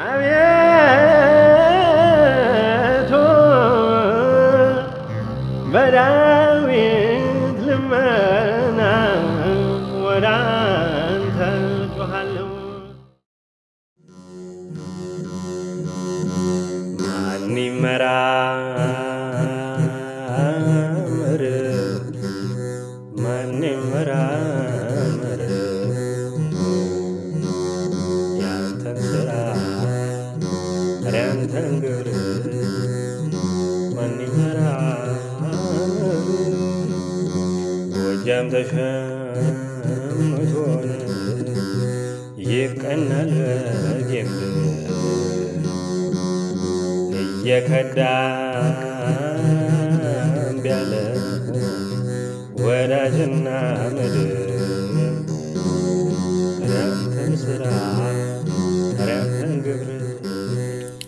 Ah, bien. ተሸምቶን ይቀናል በጌብ እየከዳ ቢያለ ወዳጅና ምድር ረፍተን ስራ ረፍተን ግብር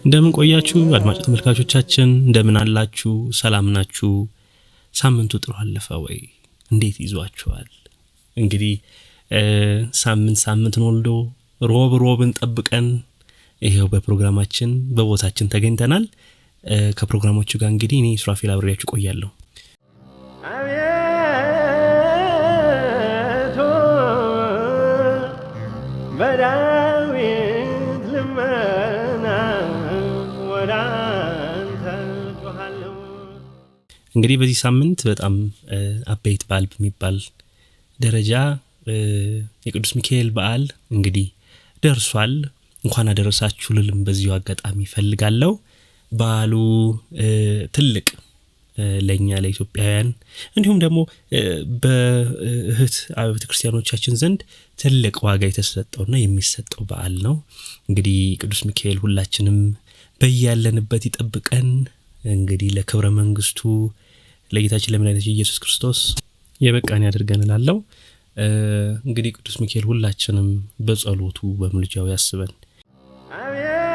እንደምን ቆያችሁ አድማጭ ተመልካቾቻችን፣ እንደምን አላችሁ? ሰላም ናችሁ? ሳምንቱ ጥሩ አለፈ ወይ? እንዴት ይዟቸዋል? እንግዲህ ሳምንት ሳምንትን ወልዶ ሮብ ሮብን ጠብቀን ይኸው በፕሮግራማችን በቦታችን ተገኝተናል። ከፕሮግራሞቹ ጋር እንግዲህ እኔ ሱራፌል አብሬያችሁ ቆያለሁ። እንግዲህ በዚህ ሳምንት በጣም አበይት በዓል በሚባል ደረጃ የቅዱስ ሚካኤል በዓል እንግዲህ ደርሷል። እንኳን አደረሳችሁ ልልም በዚሁ አጋጣሚ ይፈልጋለሁ። በዓሉ ትልቅ ለእኛ ለኢትዮጵያውያን እንዲሁም ደግሞ በእህት አብያተ ክርስቲያኖቻችን ዘንድ ትልቅ ዋጋ የተሰጠውና የሚሰጠው በዓል ነው። እንግዲህ ቅዱስ ሚካኤል ሁላችንም በያለንበት ይጠብቀን እንግዲህ ለክብረ መንግስቱ ለጌታችን ለመድኃኒታችን ኢየሱስ ክርስቶስ የበቃን ያደርገን እላለሁ። እንግዲህ ቅዱስ ሚካኤል ሁላችንም በጸሎቱ በምልጃው ያስበን። አቤቱ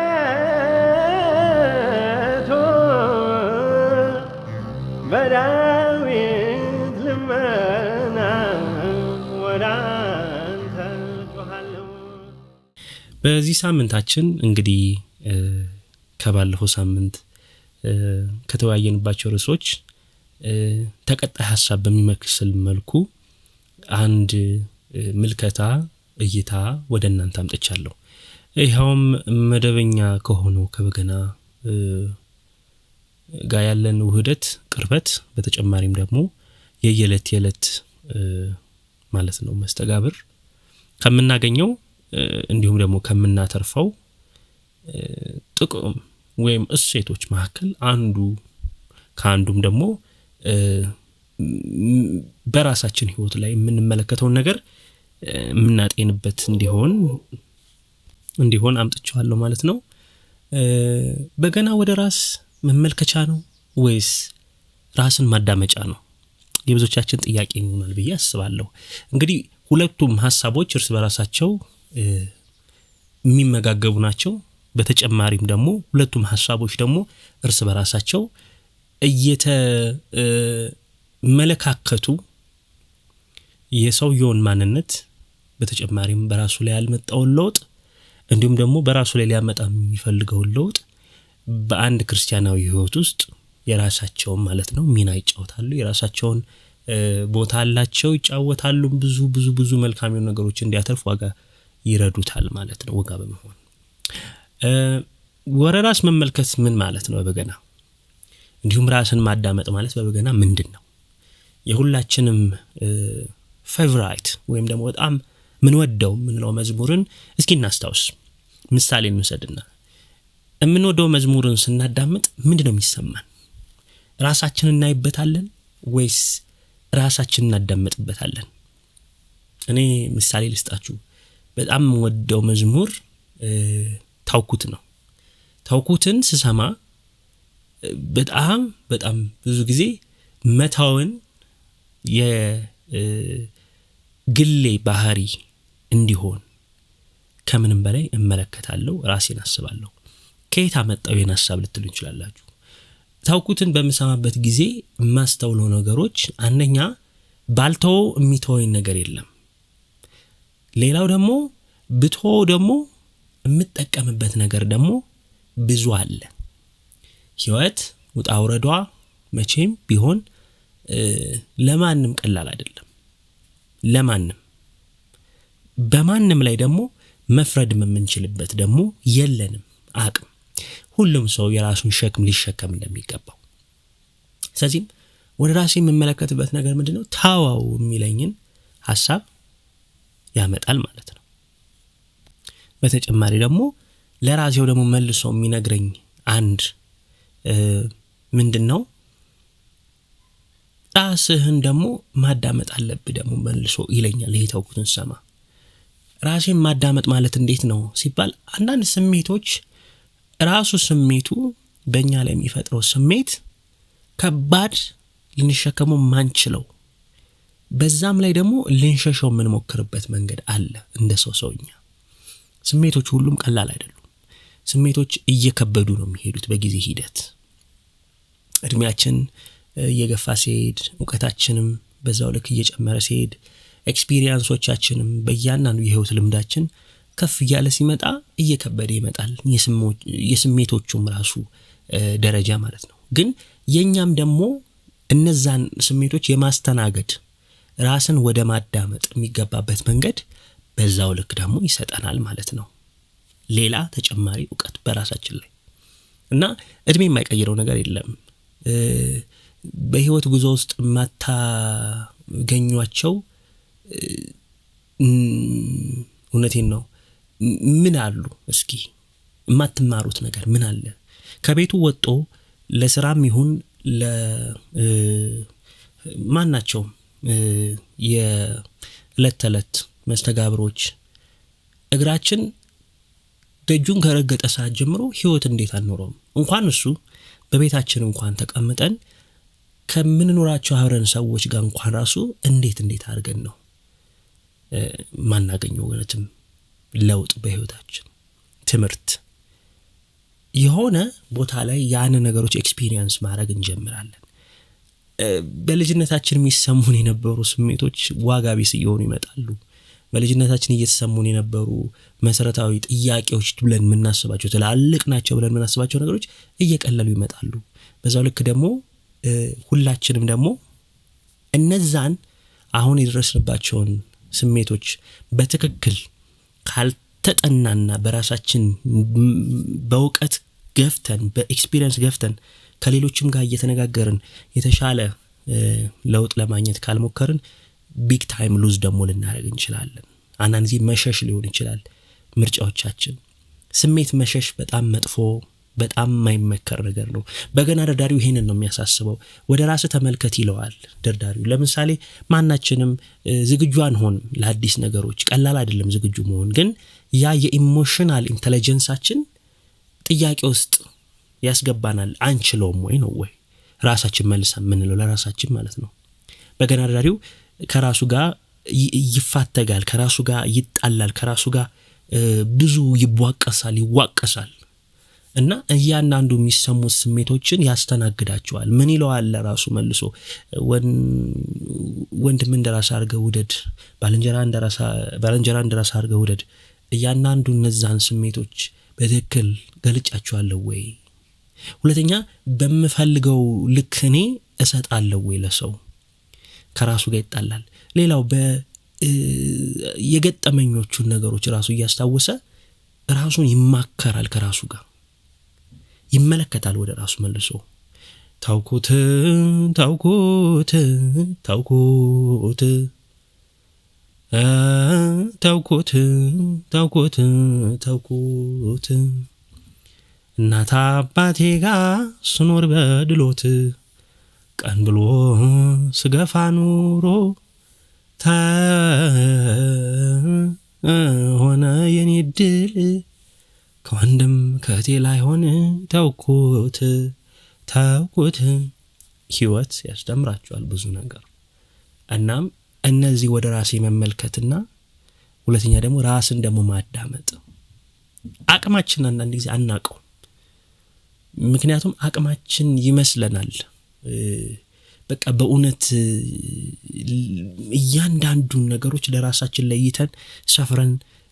በዳዊት ልመና ወደ አንተ ጮኻለሁ። በዚህ ሳምንታችን እንግዲህ ከባለፈው ሳምንት ከተወያየንባቸው ርዕሶች ተቀጣይ ሀሳብ በሚመስል መልኩ አንድ ምልከታ እይታ ወደ እናንተ አምጥቻለሁ። ይኸውም መደበኛ ከሆነው ከበገና ጋር ያለን ውህደት ቅርበት፣ በተጨማሪም ደግሞ የየለት የለት ማለት ነው መስተጋብር ከምናገኘው እንዲሁም ደግሞ ከምናተርፈው ጥቅም ወይም እሴቶች መካከል አንዱ ከአንዱም ደግሞ በራሳችን ህይወት ላይ የምንመለከተውን ነገር የምናጤንበት እንዲሆን እንዲሆን አምጥቸዋለሁ ማለት ነው። በገና ወደ ራስ መመልከቻ ነው ወይስ ራስን ማዳመጫ ነው? የብዙቻችን ጥያቄ ይሆናል ብዬ አስባለሁ። እንግዲህ ሁለቱም ሀሳቦች እርስ በራሳቸው የሚመጋገቡ ናቸው። በተጨማሪም ደግሞ ሁለቱም ሀሳቦች ደግሞ እርስ በራሳቸው እየተመለካከቱ የሰውየውን ማንነት በተጨማሪም በራሱ ላይ ያልመጣውን ለውጥ እንዲሁም ደግሞ በራሱ ላይ ሊያመጣ የሚፈልገውን ለውጥ በአንድ ክርስቲያናዊ ሕይወት ውስጥ የራሳቸውን ማለት ነው ሚና ይጫወታሉ። የራሳቸውን ቦታ አላቸው፣ ይጫወታሉ። ብዙ ብዙ ብዙ መልካም የሆኑ ነገሮች እንዲያተርፍ ዋጋ ይረዱታል ማለት ነው። ወጋ በመሆን ወረራስ መመልከት ምን ማለት ነው በገና እንዲሁም ራስን ማዳመጥ ማለት በበገና ምንድን ነው? የሁላችንም ፌቨራይት ወይም ደግሞ በጣም ምንወደው ምንለው መዝሙርን እስኪ እናስታውስ። ምሳሌ እንውሰድና የምንወደው መዝሙርን ስናዳምጥ ምንድን ነው የሚሰማን? ራሳችን እናይበታለን ወይስ ራሳችን እናዳምጥበታለን? እኔ ምሳሌ ልስጣችሁ። በጣም ወደው መዝሙር ታውኩት ነው። ታውኩትን ስሰማ በጣም በጣም ብዙ ጊዜ መታውን የግሌ ባህሪ እንዲሆን ከምንም በላይ እመለከታለሁ፣ ራሴን አስባለሁ። ከየት አመጣው ይህን ሀሳብ ልትሉ እንችላላችሁ። ታውኩትን በምሰማበት ጊዜ የማስተውለው ነገሮች አንደኛ ባልተወ የሚተወኝ ነገር የለም። ሌላው ደግሞ ብቶ ደግሞ የምጠቀምበት ነገር ደግሞ ብዙ አለ። ህይወት ውጣ ውረዷ መቼም ቢሆን ለማንም ቀላል አይደለም። ለማንም በማንም ላይ ደግሞ መፍረድ የምንችልበት ደግሞ የለንም አቅም። ሁሉም ሰው የራሱን ሸክም ሊሸከም እንደሚገባው ስለዚህም ወደ ራሴ የምመለከትበት ነገር ምንድ ነው? ታዋው የሚለኝን ሀሳብ ያመጣል ማለት ነው። በተጨማሪ ደግሞ ለራሴው ደግሞ መልሶ የሚነግረኝ አንድ ምንድን ነው ራስህን ደግሞ ማዳመጥ አለብህ ደግሞ መልሶ ይለኛል። ይሄ ተውኩትን ሰማ ራሴን ማዳመጥ ማለት እንዴት ነው ሲባል አንዳንድ ስሜቶች ራሱ ስሜቱ በእኛ ላይ የሚፈጥረው ስሜት ከባድ ልንሸከመው ማንችለው በዛም ላይ ደግሞ ልንሸሸው የምንሞክርበት መንገድ አለ። እንደ ሰው ሰውኛ ስሜቶች ሁሉም ቀላል አይደሉም። ስሜቶች እየከበዱ ነው የሚሄዱት በጊዜ ሂደት። እድሜያችን እየገፋ ሲሄድ እውቀታችንም በዛው ልክ እየጨመረ ሲሄድ ኤክስፒሪየንሶቻችንም በእያንዳንዱ የህይወት ልምዳችን ከፍ እያለ ሲመጣ እየከበደ ይመጣል። የስሜቶቹም ራሱ ደረጃ ማለት ነው። ግን የእኛም ደግሞ እነዛን ስሜቶች የማስተናገድ ራስን ወደ ማዳመጥ የሚገባበት መንገድ በዛው ልክ ደግሞ ይሰጠናል ማለት ነው። ሌላ ተጨማሪ እውቀት በራሳችን ላይ እና እድሜ የማይቀይረው ነገር የለም። በህይወት ጉዞ ውስጥ ማታገኟቸው እውነቴን ነው ምን አሉ እስኪ የማትማሩት ነገር ምን አለ? ከቤቱ ወጦ ለስራም ይሁን ለማናቸውም የዕለት ተዕለት መስተጋብሮች እግራችን ደጁን ከረገጠ ሰዓት ጀምሮ ህይወት እንዴት አንኖረውም? እንኳን እሱ በቤታችን እንኳን ተቀምጠን ከምንኖራቸው አብረን ሰዎች ጋር እንኳን ራሱ እንዴት እንዴት አድርገን ነው ማናገኘ ወገነትም ለውጥ በህይወታችን ትምህርት የሆነ ቦታ ላይ ያን ነገሮች ኤክስፒሪየንስ ማድረግ እንጀምራለን። በልጅነታችን የሚሰሙን የነበሩ ስሜቶች ዋጋ ቢስ እየሆኑ ይመጣሉ። በልጅነታችን እየተሰሙን የነበሩ መሰረታዊ ጥያቄዎች ብለን የምናስባቸው ትላልቅ ናቸው ብለን የምናስባቸው ነገሮች እየቀለሉ ይመጣሉ። በዛው ልክ ደግሞ ሁላችንም ደግሞ እነዛን አሁን የደረስንባቸውን ስሜቶች በትክክል ካልተጠናና በራሳችን በእውቀት ገፍተን በኤክስፒሪየንስ ገፍተን ከሌሎችም ጋር እየተነጋገርን የተሻለ ለውጥ ለማግኘት ካልሞከርን ቢግ ታይም ሉዝ ደግሞ ልናደርግ እንችላለን። አንዳንድ ጊዜ መሸሽ ሊሆን ይችላል ምርጫዎቻችን። ስሜት መሸሽ በጣም መጥፎ በጣም የማይመከር ነገር ነው። በገና ደርዳሪው ይሄንን ነው የሚያሳስበው። ወደ ራስ ተመልከት ይለዋል ደርዳሪው። ለምሳሌ ማናችንም ዝግጁ አንሆን ለአዲስ ነገሮች። ቀላል አይደለም ዝግጁ መሆን፣ ግን ያ የኢሞሽናል ኢንቴሊጀንሳችን ጥያቄ ውስጥ ያስገባናል። አንችለውም ወይ ነው ወይ ራሳችን መልሰ የምንለው ለራሳችን ማለት ነው። በገና ደርዳሪው ከራሱ ጋር ይፋተጋል፣ ከራሱ ጋር ይጣላል፣ ከራሱ ጋር ብዙ ይቧቀሳል፣ ይዋቀሳል እና እያንዳንዱ የሚሰሙት ስሜቶችን ያስተናግዳቸዋል። ምን ይለዋል ለራሱ መልሶ ወንድም እንደራስ አድርገህ ውደድ፣ ባልንጀራ እንደራስ አርገ ውደድ። እያንዳንዱ እነዛን ስሜቶች በትክክል ገልጫቸዋለሁ ወይ? ሁለተኛ በምፈልገው ልክ እኔ እሰጣለሁ ወይ ለሰው ከራሱ ጋር ይጣላል። ሌላው የገጠመኞቹን ነገሮች ራሱ እያስታወሰ ራሱን ይማከራል፣ ከራሱ ጋር ይመለከታል ወደ ራሱ መልሶ ታውኮት ታውኮት ታውኮት ታውኮት ታውኮት ታውኮት እናታ አባቴ ጋር ስኖር በድሎት ቀን ብሎ ስገፋ ኑሮ ተሆነ የኔ ድል ከወንድም ከቴ ላይ ሆን ተውኩት ተውኩት። ህይወት ያስተምራቸዋል ብዙ ነገር። እናም እነዚህ ወደ ራሴ መመልከትና ሁለተኛ ደግሞ ራስን ደግሞ ማዳመጥ። አቅማችን አንዳንድ ጊዜ አናውቀው፣ ምክንያቱም አቅማችን ይመስለናል በቃ በእውነት እያንዳንዱን ነገሮች ለራሳችን ለይተን ሰፍረን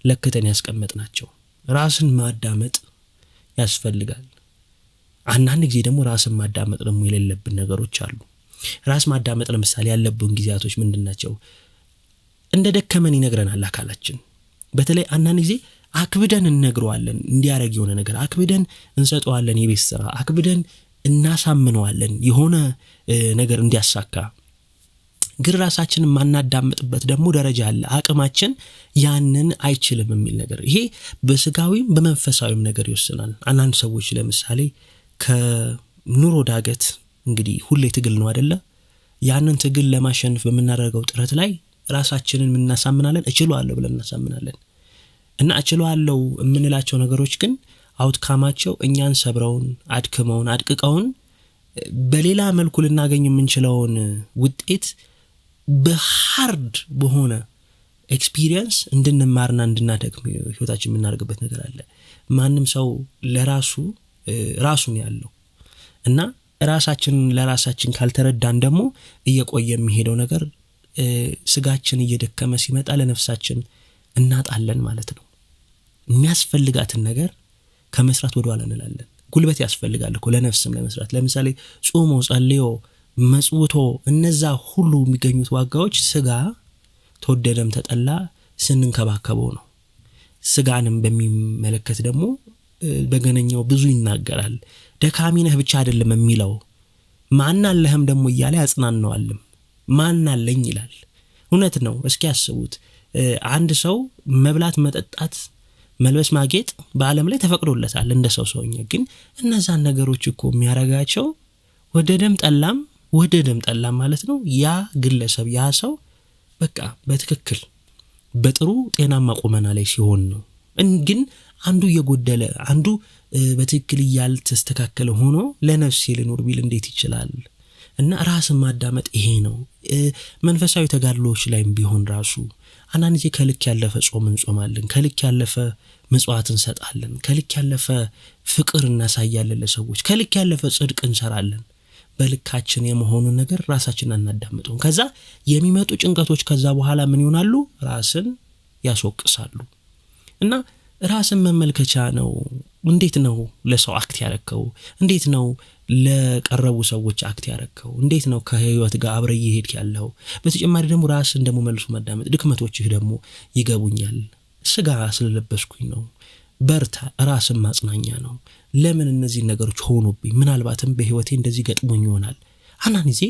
ለክተን ያስቀመጥ ናቸው። ራስን ማዳመጥ ያስፈልጋል። አንዳንድ ጊዜ ደግሞ ራስን ማዳመጥ ደግሞ የሌለብን ነገሮች አሉ። ራስ ማዳመጥ ለምሳሌ ያለብን ጊዜያቶች ምንድን ናቸው? እንደ ደከመን ይነግረናል አካላችን። በተለይ አንዳንድ ጊዜ አክብደን እንነግረዋለን። እንዲያደረግ የሆነ ነገር አክብደን እንሰጠዋለን። የቤት ስራ አክብደን እናሳምነዋለን የሆነ ነገር እንዲያሳካ ግን ራሳችን የማናዳምጥበት ደግሞ ደረጃ አለ። አቅማችን ያንን አይችልም የሚል ነገር ይሄ በስጋዊም በመንፈሳዊም ነገር ይወስናል። አንዳንድ ሰዎች ለምሳሌ ከኑሮ ዳገት እንግዲህ ሁሌ ትግል ነው አደለ? ያንን ትግል ለማሸነፍ በምናደርገው ጥረት ላይ ራሳችንን እናሳምናለን። እችሏለሁ ብለን እናሳምናለን እና እችለዋለሁ የምንላቸው ነገሮች ግን አውትካማቸው እኛን ሰብረውን አድክመውን አድቅቀውን በሌላ መልኩ ልናገኝ የምንችለውን ውጤት በሃርድ በሆነ ኤክስፒሪየንስ እንድንማርና እንድናደግም ህይወታችን የምናደርግበት ነገር አለ። ማንም ሰው ለራሱ ራሱን ያለው እና ራሳችን ለራሳችን ካልተረዳን ደግሞ እየቆየ የሚሄደው ነገር ስጋችን እየደከመ ሲመጣ ለነፍሳችን እናጣለን ማለት ነው። የሚያስፈልጋትን ነገር ከመስራት ወደኋላ እንላለን። ጉልበት ያስፈልጋል እኮ ለነፍስም ለመስራት። ለምሳሌ ጾሞ፣ ጸልዮ፣ መጽውቶ እነዛ ሁሉ የሚገኙት ዋጋዎች ስጋ ተወደደም ተጠላ ስንንከባከበው ነው። ስጋንም በሚመለከት ደግሞ በገነኛው ብዙ ይናገራል። ደካሚ ነህ ብቻ አይደለም የሚለው ማናለህም ደግሞ እያለ ያጽናነዋልም። ማናለኝ ይላል። እውነት ነው። እስኪ ያስቡት አንድ ሰው መብላት መጠጣት መልበስ ማጌጥ በዓለም ላይ ተፈቅዶለታል። እንደ ሰው ሰውኛ ግን እነዛን ነገሮች እኮ የሚያረጋቸው ወደ ደም ጠላም ወደ ደም ጠላም ማለት ነው ያ ግለሰብ ያ ሰው በቃ በትክክል በጥሩ ጤናማ ቁመና ላይ ሲሆን ነው። ግን አንዱ እየጎደለ አንዱ በትክክል እያልተስተካከለ ሆኖ ለነፍሴ ልኖር ቢል እንዴት ይችላል? እና ራስን ማዳመጥ ይሄ ነው። መንፈሳዊ ተጋድሎዎች ላይም ቢሆን ራሱ አንዳንድ ጊዜ ከልክ ያለፈ ጾም እንጾማለን፣ ከልክ ያለፈ ምጽዋት እንሰጣለን፣ ከልክ ያለፈ ፍቅር እናሳያለን ለሰዎች፣ ከልክ ያለፈ ጽድቅ እንሰራለን። በልካችን የመሆኑን ነገር ራሳችን አናዳምጠውም። ከዛ የሚመጡ ጭንቀቶች ከዛ በኋላ ምን ይሆናሉ? ራስን ያስወቅሳሉ። እና ራስን መመልከቻ ነው። እንዴት ነው ለሰው አክት ያረከው? እንዴት ነው ለቀረቡ ሰዎች አክት ያደረግከው እንዴት ነው? ከህይወት ጋር አብረ እየሄድክ ያለው። በተጨማሪ ደግሞ ራስን ደግሞ መልሶ መዳመጥ፣ ድክመቶችህ ደግሞ ይገቡኛል። ስጋ ስለለበስኩኝ ነው። በርታ፣ ራስን ማጽናኛ ነው። ለምን እነዚህ ነገሮች ሆኑብኝ? ምናልባትም በህይወቴ እንደዚህ ገጥሞኝ ይሆናል። አንዳንድ ጊዜ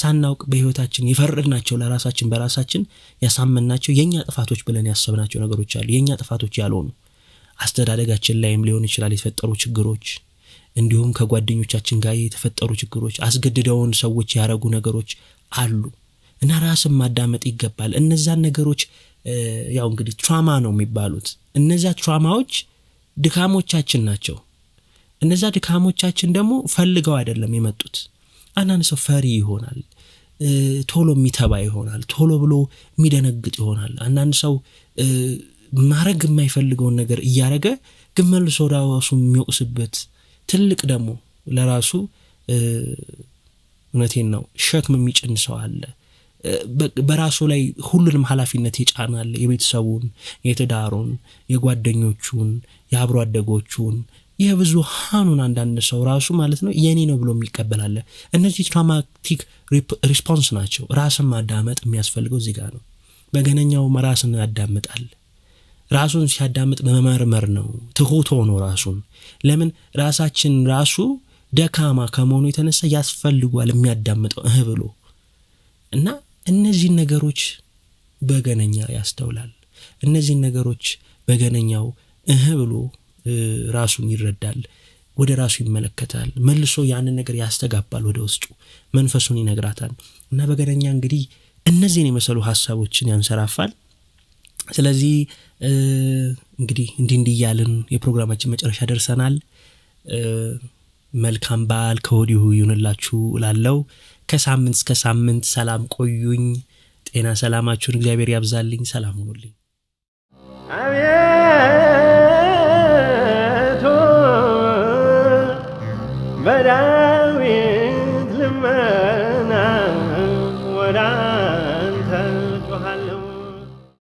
ሳናውቅ በህይወታችን የፈረድናቸው ለራሳችን በራሳችን ያሳመንናቸው የእኛ ጥፋቶች ብለን ያሰብናቸው ነገሮች አሉ። የእኛ ጥፋቶች ያልሆኑ አስተዳደጋችን ላይም ሊሆን ይችላል የተፈጠሩ ችግሮች እንዲሁም ከጓደኞቻችን ጋር የተፈጠሩ ችግሮች፣ አስገድደውን ሰዎች ያረጉ ነገሮች አሉ እና ራስን ማዳመጥ ይገባል። እነዛን ነገሮች ያው እንግዲህ ትራማ ነው የሚባሉት። እነዛ ትራማዎች ድካሞቻችን ናቸው። እነዛ ድካሞቻችን ደግሞ ፈልገው አይደለም የመጡት። አንዳንድ ሰው ፈሪ ይሆናል፣ ቶሎ የሚተባ ይሆናል፣ ቶሎ ብሎ የሚደነግጥ ይሆናል። አንዳንድ ሰው ማድረግ የማይፈልገውን ነገር እያረገ ግን መልሶ ራሱ የሚወቅስበት ትልቅ ደግሞ ለራሱ እውነቴን ነው ሸክም የሚጭን ሰው አለ። በራሱ ላይ ሁሉንም ኃላፊነት ይጫናል። የቤተሰቡን፣ የትዳሩን፣ የጓደኞቹን፣ የአብሮ አደጎቹን የብዙሃኑን አንዳንድ ሰው ራሱ ማለት ነው የኔ ነው ብሎ የሚቀበላለ። እነዚህ ትራማቲክ ሪስፖንስ ናቸው። ራስን ማዳመጥ የሚያስፈልገው እዚህ ጋር ነው። በገነኛው ራስን ያዳምጣል። ራሱን ሲያዳምጥ መመርመር ነው። ትሁት ሆኖ ራሱን ለምን ራሳችን ራሱ ደካማ ከመሆኑ የተነሳ ያስፈልጓል የሚያዳምጠው እህ ብሎ እና እነዚህን ነገሮች በገነኛ ያስተውላል። እነዚህን ነገሮች በገነኛው እህ ብሎ ራሱን ይረዳል፣ ወደ ራሱ ይመለከታል፣ መልሶ ያንን ነገር ያስተጋባል ወደ ውስጡ፣ መንፈሱን ይነግራታል። እና በገነኛ እንግዲህ እነዚህን የመሰሉ ሀሳቦችን ያንሰራፋል። ስለዚህ እንግዲህ እንዲህ እንዲህ እያልን የፕሮግራማችን መጨረሻ ደርሰናል። መልካም በዓል ከወዲሁ ይሁንላችሁ ላለው ከሳምንት እስከ ሳምንት ሰላም ቆዩኝ። ጤና ሰላማችሁን እግዚአብሔር ያብዛልኝ። ሰላም ሁኑልኝ። አቤቱ